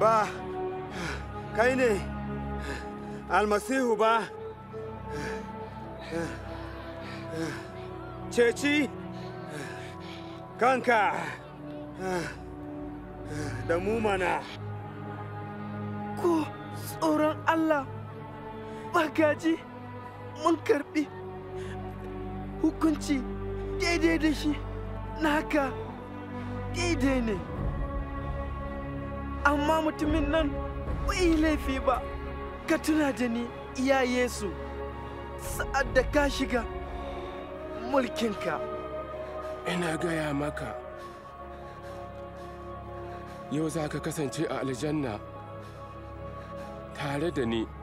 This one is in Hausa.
ba kai ne almasihu ba ceci kanka da mu mana ko tsoron allah bagaji mun karbi hukunci daidai da shi naka haka daidai ne amma mutumin nan bai laifi ba ka tuna da ni iya yesu sa'ad da ka shiga mulkinka ina gaya maka yau za ka kasance a aljanna tare da ni